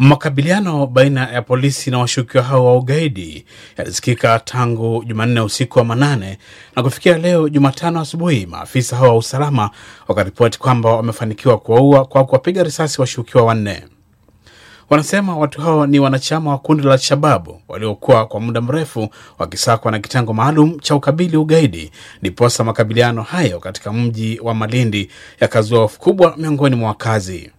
Makabiliano baina ya polisi na washukiwa hao wa ugaidi yalisikika tangu Jumanne usiku wa manane na kufikia leo Jumatano asubuhi, maafisa hao wa usalama wakaripoti kwamba wamefanikiwa kuwaua kwa kuwapiga risasi washukiwa wanne. Wanasema watu hao ni wanachama wa kundi la shababu waliokuwa kwa muda mrefu wakisakwa na kitengo maalum cha ukabili ugaidi, ndiposa makabiliano hayo katika mji wa Malindi yakazua hofu kubwa miongoni mwa wakazi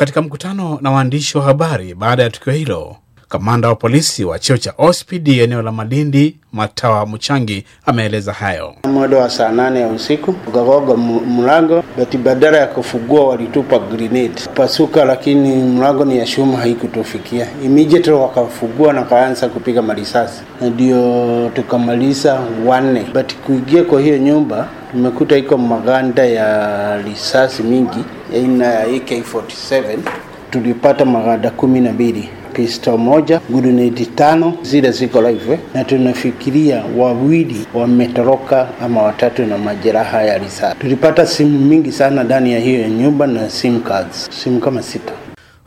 katika mkutano na waandishi wa habari baada ya tukio hilo. Kamanda wa polisi wa cheo cha OSPD eneo la Malindi Matawa Muchangi ameeleza hayo. Mwendo wa saa nane ya usiku ukagonga mlango, bati badala ya kufugua walitupa grenade pasuka, lakini mlango ni ya shuma haikutufikia. Immediately wakafugua na kaanza kupiga marisasi, ndio tukamaliza wanne, Bati kuingia kwa hiyo nyumba tumekuta iko maganda ya risasi mingi aina ya AK47 tulipata maganda kumi na mbili Kristo moja, guruneti tano zile ziko live, na tunafikiria wawili wametoroka ama watatu na majeraha ya risa Tulipata simu mingi sana ndani ya hiyo nyumba na sim cards, simu kama sita.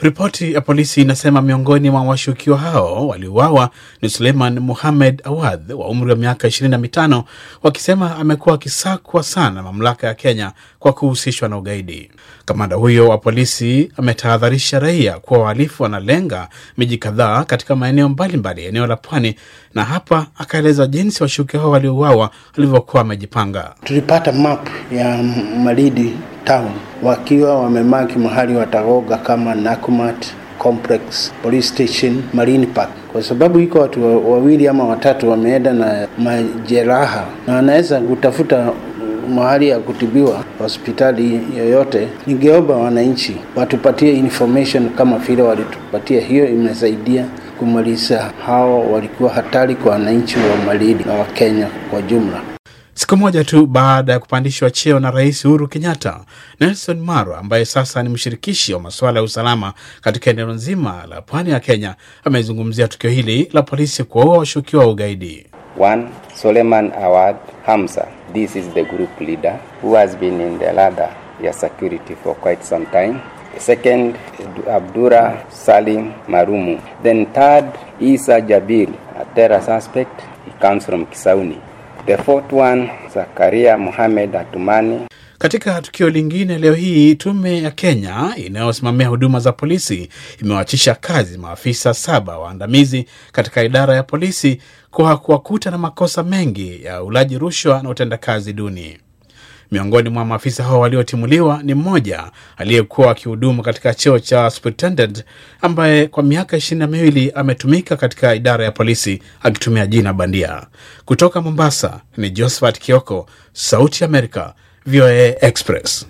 Ripoti ya polisi inasema miongoni mwa washukiwa hao waliuawa ni Suleiman Muhamed Awadh wa umri wa miaka ishirini na mitano, wakisema amekuwa akisakwa sana mamlaka ya Kenya kwa kuhusishwa na ugaidi. Kamanda huyo wa polisi ametahadharisha raia kuwa wahalifu wanalenga miji kadhaa katika maeneo mbalimbali eneo la pwani, na hapa akaeleza jinsi washukiwa hao waliouawa walivyokuwa wamejipanga. Tulipata map ya Malindi town wakiwa wamemaki mahali wataroga kama Nakumat Complex, Police Station, Marine Park, kwa sababu iko watu wawili ama watatu wameenda na majeraha na wanaweza kutafuta mahali ya kutibiwa hospitali yoyote. Ningeomba wananchi watupatie information kama vile walitupatia, hiyo imesaidia kumaliza hao walikuwa hatari kwa wananchi wa Malindi na Wakenya kwa jumla. Siku moja tu baada ya kupandishwa cheo na Rais Uhuru Kenyatta, Nelson Maro ambaye sasa ni mshirikishi wa masuala ya usalama katika eneo nzima la pwani ya Kenya amezungumzia tukio hili la polisi kuwaua washukiwa wa ugaidi. One, Suleiman Awad Hamza. This is the group leader who has been in the ladder ya security for quite some time. Second, Abdura Salim Marumu. Then third, Isa Jabir, a terror suspect. He comes from Kisauni. The fourth one, Zakaria Muhammad Atumani. Katika tukio lingine leo hii, tume ya Kenya inayosimamia huduma za polisi imewachisha kazi maafisa saba waandamizi katika idara ya polisi kwa kuwakuta na makosa mengi ya ulaji rushwa na utendakazi duni. Miongoni mwa maafisa hao waliotimuliwa ni mmoja aliyekuwa akihudumu katika cheo cha superintendent ambaye kwa miaka ishirini na miwili ametumika katika idara ya polisi akitumia jina bandia. Kutoka Mombasa ni Josephat Kioko, Sauti america VOA Express.